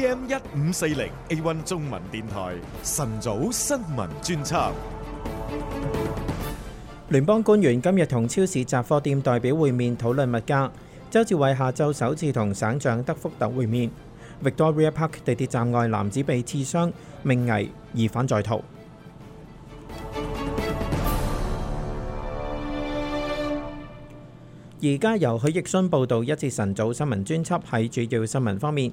A.M. 一五四零 A1 中文電台晨早新聞專輯。聯邦官員今日同超市雜貨店代表會面討論物價。周志偉下晝首次同省長德福特會面。Victoria Park 地鐵站外男子被刺傷，命危，疑犯在逃。而家由許奕迅報道。一次晨早新聞專輯喺主要新聞方面。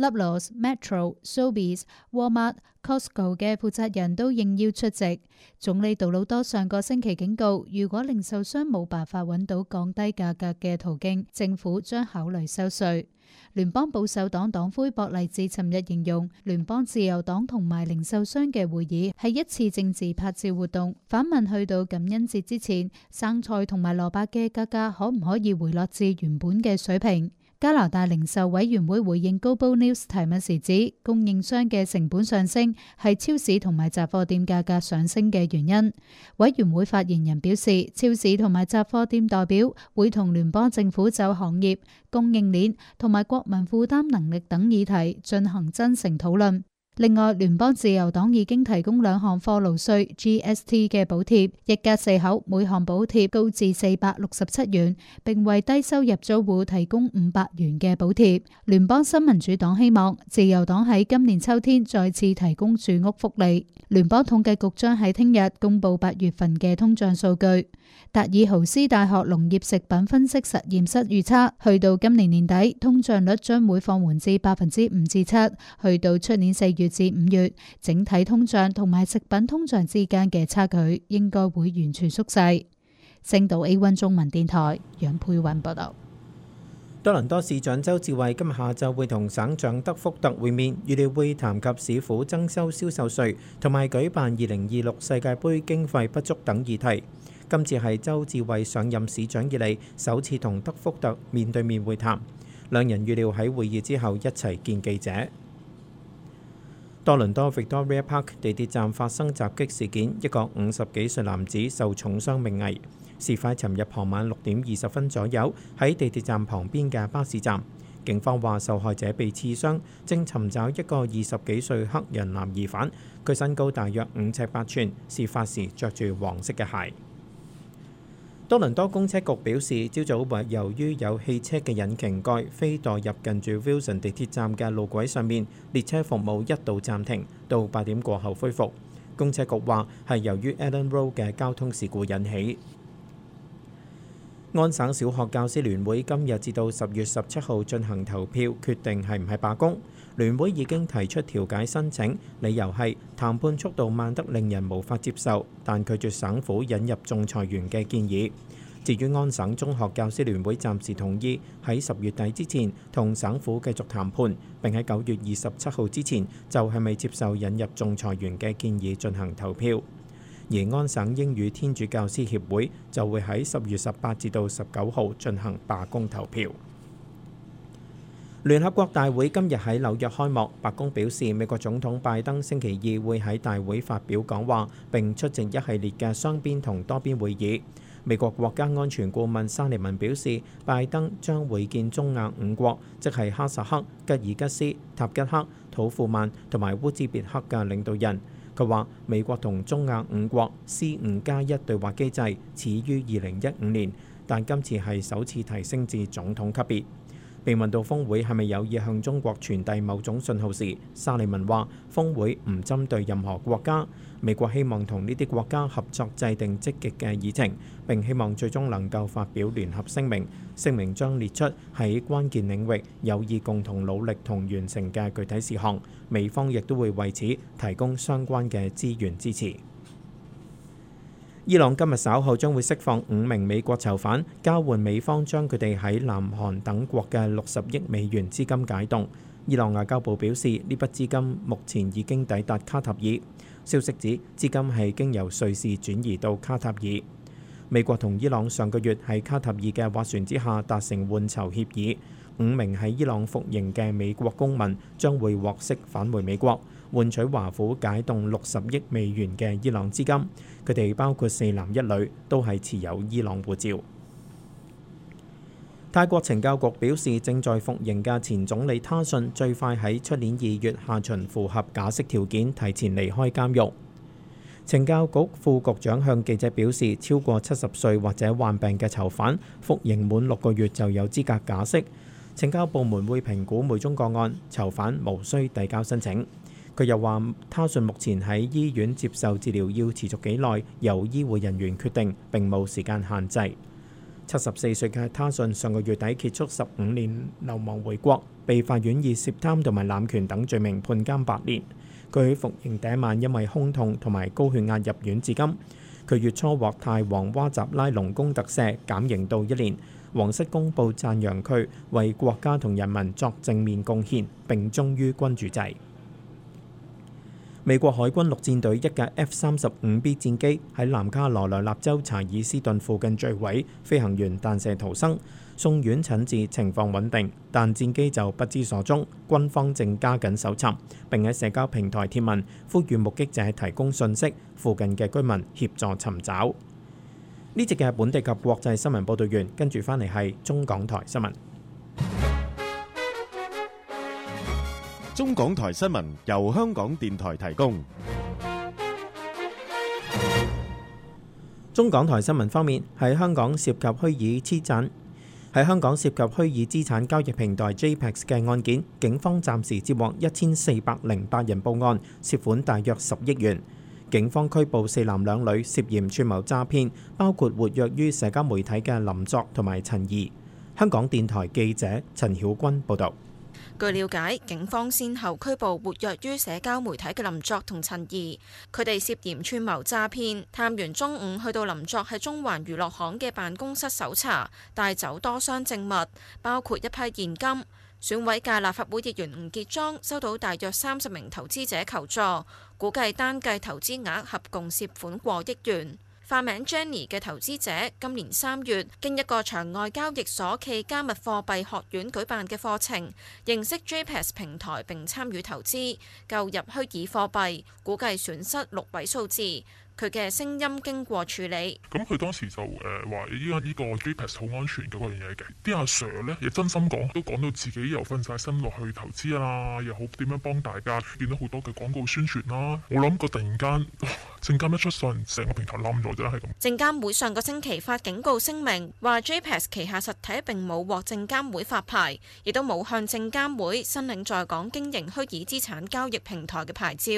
Loblaws、Metro、Sobeys、Walmart、Costco 嘅負責人都應邀出席。總理杜魯多上個星期警告，如果零售商冇辦法揾到降低價格嘅途徑，政府將考慮收稅。聯邦保守黨黨魁博利治尋日形容，聯邦自由黨同埋零售商嘅會議係一次政治拍照活動。反問去到感恩節之前，生菜同埋蘿蔔嘅價格可唔可以回落至原本嘅水平？加拿大零售委員會回應 Global News 提問時指，供應商嘅成本上升係超市同埋雜貨店價格上升嘅原因。委員會發言人表示，超市同埋雜貨店代表會同聯邦政府就行業供應鏈同埋國民負擔能力等議題進行真誠討論。另外，聯邦自由黨已經提供兩項貨勞稅 （GST） 嘅補貼，一家四口，每項補貼高至四百六十七元，並為低收入租戶提供五百元嘅補貼。聯邦新民主黨希望自由黨喺今年秋天再次提供住屋福利。聯邦統計局將喺聽日公布八月份嘅通脹數據。達爾豪斯大學農業食品分析實驗室預測，去到今年年底通脹率將會放緩至百分之五至七，去到出年四月，至五月，整體通脹同埋食品通脹之間嘅差距應該會完全縮細。星島 A1 中文電台，楊佩雲報導。多倫多市長鄒至蕙今日下晝會同省長德福特會面，預料會談及市府徵收銷售稅同埋舉辦二零二六世界盃經費不足等議題。今次係鄒至蕙上任市長以嚟首次同德福特面對面會談，兩人預料喺會議之後一齊見記者。多倫多 Victoria Park 地鐵站發生襲擊事件，一個五十幾歲男子受重傷命危。事發尋日傍晚六點二十分左右，喺地鐵站旁邊嘅巴士站，警方話受害者被刺傷，正尋找一個二十幾歲黑人男疑犯，佢身高大約五尺八吋，事發時着住黃色嘅鞋。多倫多公車局表示，朝早為由於有汽車嘅引擎蓋飛墮入近住 Wilson 地鐵站嘅路軌上面，列車服務一度暫停，到八點過後恢復。公車局話係由於 Allen Road 嘅交通事故引起。安省小學教師聯會今日至到十月十七號進行投票，決定係唔係罷工。聯會已經提出調解申請，理由係談判速度慢得令人無法接受，但拒絕省府引入仲裁員嘅建議。至於安省中學教師聯會，暫時同意喺十月底之前同省府繼續談判，並喺九月二十七號之前就係咪接受引入仲裁員嘅建議進行投票。而安省英語天主教師協會就會喺十月十八至到十九號進行罷工投票。聯合國大會今日喺紐約開幕，白宮表示美國總統拜登星期二會喺大會發表講話，並出席一系列嘅雙邊同多邊會議。美國國家安全顧問沙利文表示，拜登將會見中亞五國，即係哈薩克、吉爾吉斯、塔吉克、土庫曼同埋烏茲別克嘅領導人。佢話美國同中亞五國 C 五加一對話機制始於二零一五年，但今次係首次提升至總統級別。被問到峰會係咪有意向中國傳遞某種信號時，沙利文話：峰會唔針對任何國家，美國希望同呢啲國家合作，制定積極嘅議程，並希望最終能夠發表聯合聲明。聲明將列出喺關鍵領域有意共同努力同完成嘅具體事項，美方亦都會為此提供相關嘅資源支持。伊朗今日稍後將會釋放五名美國囚犯，交換美方將佢哋喺南韓等國嘅六十億美元資金解凍。伊朗外交部表示，呢筆資金目前已經抵達卡塔爾。消息指，資金係經由瑞士轉移到卡塔爾。美國同伊朗上個月喺卡塔爾嘅斡旋之下達成換囚協議。五名喺伊朗服刑嘅美國公民將會獲釋，返回美國，換取華府解凍六十億美元嘅伊朗資金。佢哋包括四男一女，都係持有伊朗護照。泰國懲教局表示，正在服刑嘅前總理他信最快喺出年二月下旬符合假釋條件，提前離開監獄。懲教局副局長向記者表示，超過七十歲或者患病嘅囚犯服刑滿六個月就有資格假釋。懲教部門會評估每宗個案，囚犯無需遞交申請。佢又話：他信目前喺醫院接受治療，要持續幾耐由醫護人員決定，並冇時間限制。七十四歲嘅他信上個月底結束十五年流亡，回國被法院以涉貪同埋濫權等罪名判監八年。佢喺服刑第一晚因為胸痛同埋高血壓入院，至今。佢月初獲泰王哇集拉隆功特赦減刑到一年。皇室公佈讚揚佢為國家同人民作正面貢獻，並忠於君主制。美國海軍陸戰隊一架 F 三十五 B 戰機喺南卡羅來納州查爾斯頓附近墜毀，飛行員彈射逃生，送院診治情況穩定，但戰機就不知所蹤，軍方正加緊搜尋，並喺社交平台貼文，呼籲目擊者提供信息，附近嘅居民協助尋找。呢節嘅係本地及國際新聞報道員，跟住翻嚟係中港台新聞。中港台新聞由香港電台提供。中港台新聞方面，喺香港涉及虛擬資產喺香港涉及虛擬資產交易平台 JPEX 嘅案件，警方暫時接獲一千四百零八人報案，涉款大約十億元。警方拘捕四男兩女涉嫌串謀詐騙，包括活躍於社交媒體嘅林作同埋陳怡。香港電台記者陳曉君報導。據了解，警方先後拘捕活躍於社交媒體嘅林作同陳怡，佢哋涉嫌串謀詐騙。探員中午去到林作喺中環娛樂行嘅辦公室搜查，帶走多箱證物，包括一批現金。選委界立法會議員吳傑莊收到大約三十名投資者求助，估計單計投資額合共涉款過億元。化名 Jenny 嘅投資者今年三月經一個場外交易所暨加密貨幣學院舉辦嘅課程認識 JPEX 平台，並參與投資購入虛擬貨幣，估計損失六位數字。佢嘅聲音經過處理，咁佢當時就誒話依家依個 JPEX 好安全嘅嗰樣嘢嘅，啲阿 Sir 咧亦真心講，都講到自己又瞓晒身落去投資啦，又好點樣幫大家，見到好多嘅廣告宣傳啦。冇諗過突然間，證監一出信，成個平台冧咗，真係咁。證監會上個星期發警告聲明，話 JPEX 旗下實體並冇獲證監會發牌，亦都冇向證監會申領在港經營虛擬資產交易平台嘅牌照，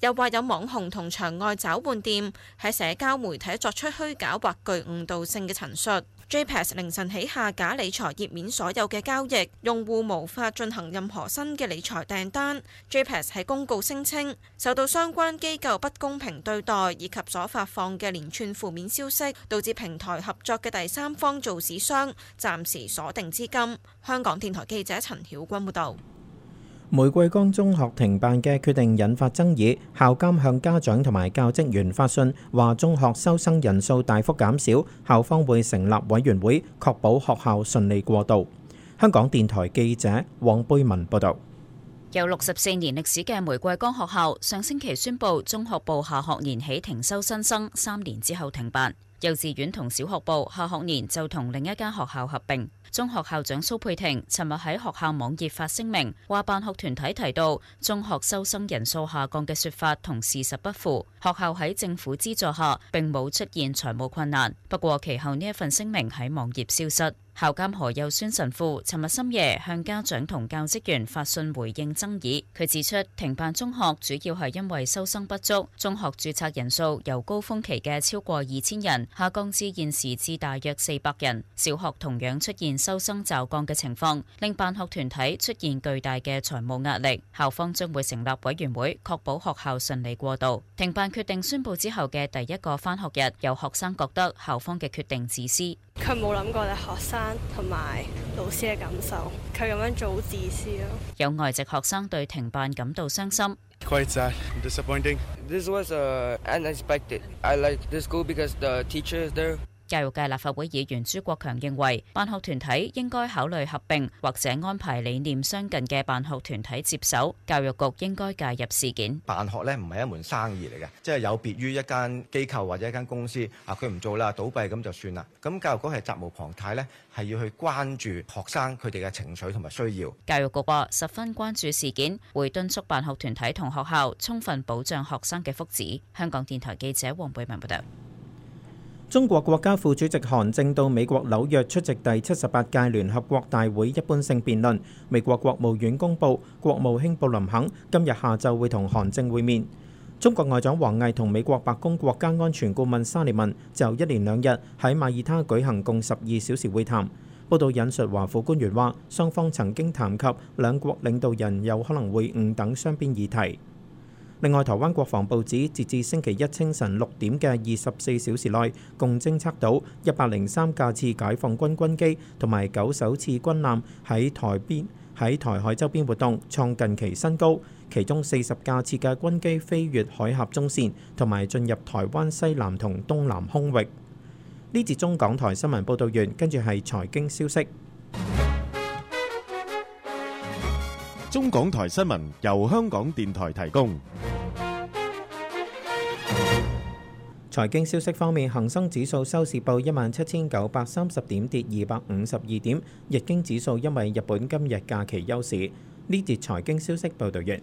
又話有網紅同場外找換店。喺社交媒體作出虛假或具誤導性嘅陳述。JPEX 凌晨起下架理財頁面所有嘅交易，用戶無法進行任何新嘅理財訂單。JPEX 喺公告聲稱，受到相關機構不公平對待以及所發放嘅連串負面消息，導致平台合作嘅第三方做市商暫時鎖定資金。香港電台記者陳曉君報道。玫瑰崗中學停辦嘅決定引發爭議，校監向家長同埋教職員發信，話中學收生人數大幅減少，校方會成立委員會確保學校順利過渡。香港電台記者黃貝文報道：有六十四年歷史嘅玫瑰崗學校上星期宣布中學部下學年起停收新生，三年之後停辦。幼稚園同小學部下學年就同另一間學校合併。中學校長蘇佩婷尋日喺學校網頁發聲明，話辦學團體提到中學收生人數下降嘅説法同事實不符。學校喺政府資助下並冇出現財務困難。不過其後呢一份聲明喺網頁消失。校監何佑宣神父尋日深夜向家長同教職員發信回應爭議。佢指出，停辦中學主要係因為收生不足，中學註冊人數由高峰期嘅超過二千人下降至現時至大約四百人。小學同樣出現收生驟降嘅情況，令辦學團體出現巨大嘅財務壓力。校方將會成立委員會，確保學校順利過渡。停辦決定宣布之後嘅第一個返學日，有學生覺得校方嘅決定自私。佢冇諗過你學生同埋老師嘅感受，佢咁樣做好自私咯。有外籍學生對停辦感到傷心。Quite sad. 教育界立法會議員朱國強認為，辦學團體應該考慮合併，或者安排理念相近嘅辦學團體接手。教育局應該介入事件。辦學呢唔係一門生意嚟嘅，即係有別於一間機構或者一間公司啊，佢唔做啦，倒閉咁就算啦。咁教育局係責無旁貸呢，係要去關注學生佢哋嘅情緒同埋需要。教育局話十分關注事件，會敦促辦學團體同學校充分保障學生嘅福祉。香港電台記者黃貝文報道。中國國家副主席韓正到美國紐約出席第七十八屆聯合國大會一般性辯論。美國國務院公佈，國務卿布林肯今日下晝會同韓正會面。中國外長王毅同美國白宮國家安全顧問沙利文就一連兩日喺馬耳他舉行共十二小時會談。報道引述華府官員話，雙方曾經談及兩國領導人有可能會晤等雙邊議題。另外，台灣國防部指，截至星期一清晨六點嘅二十四小時內，共偵測到一百零三架次解放軍軍機同埋九首次軍艦喺台邊喺台海周邊活動，創近期新高。其中四十架次嘅軍機飛越海峽中線，同埋進入台灣西南同東南空域。呢節中港台新聞報導完，跟住係財經消息。中港台新聞由香港電台提供。財經消息方面，恆生指數收市報一萬七千九百三十點，跌二百五十二點。日經指數因為日本今日假期休市。呢節財經消息報導完。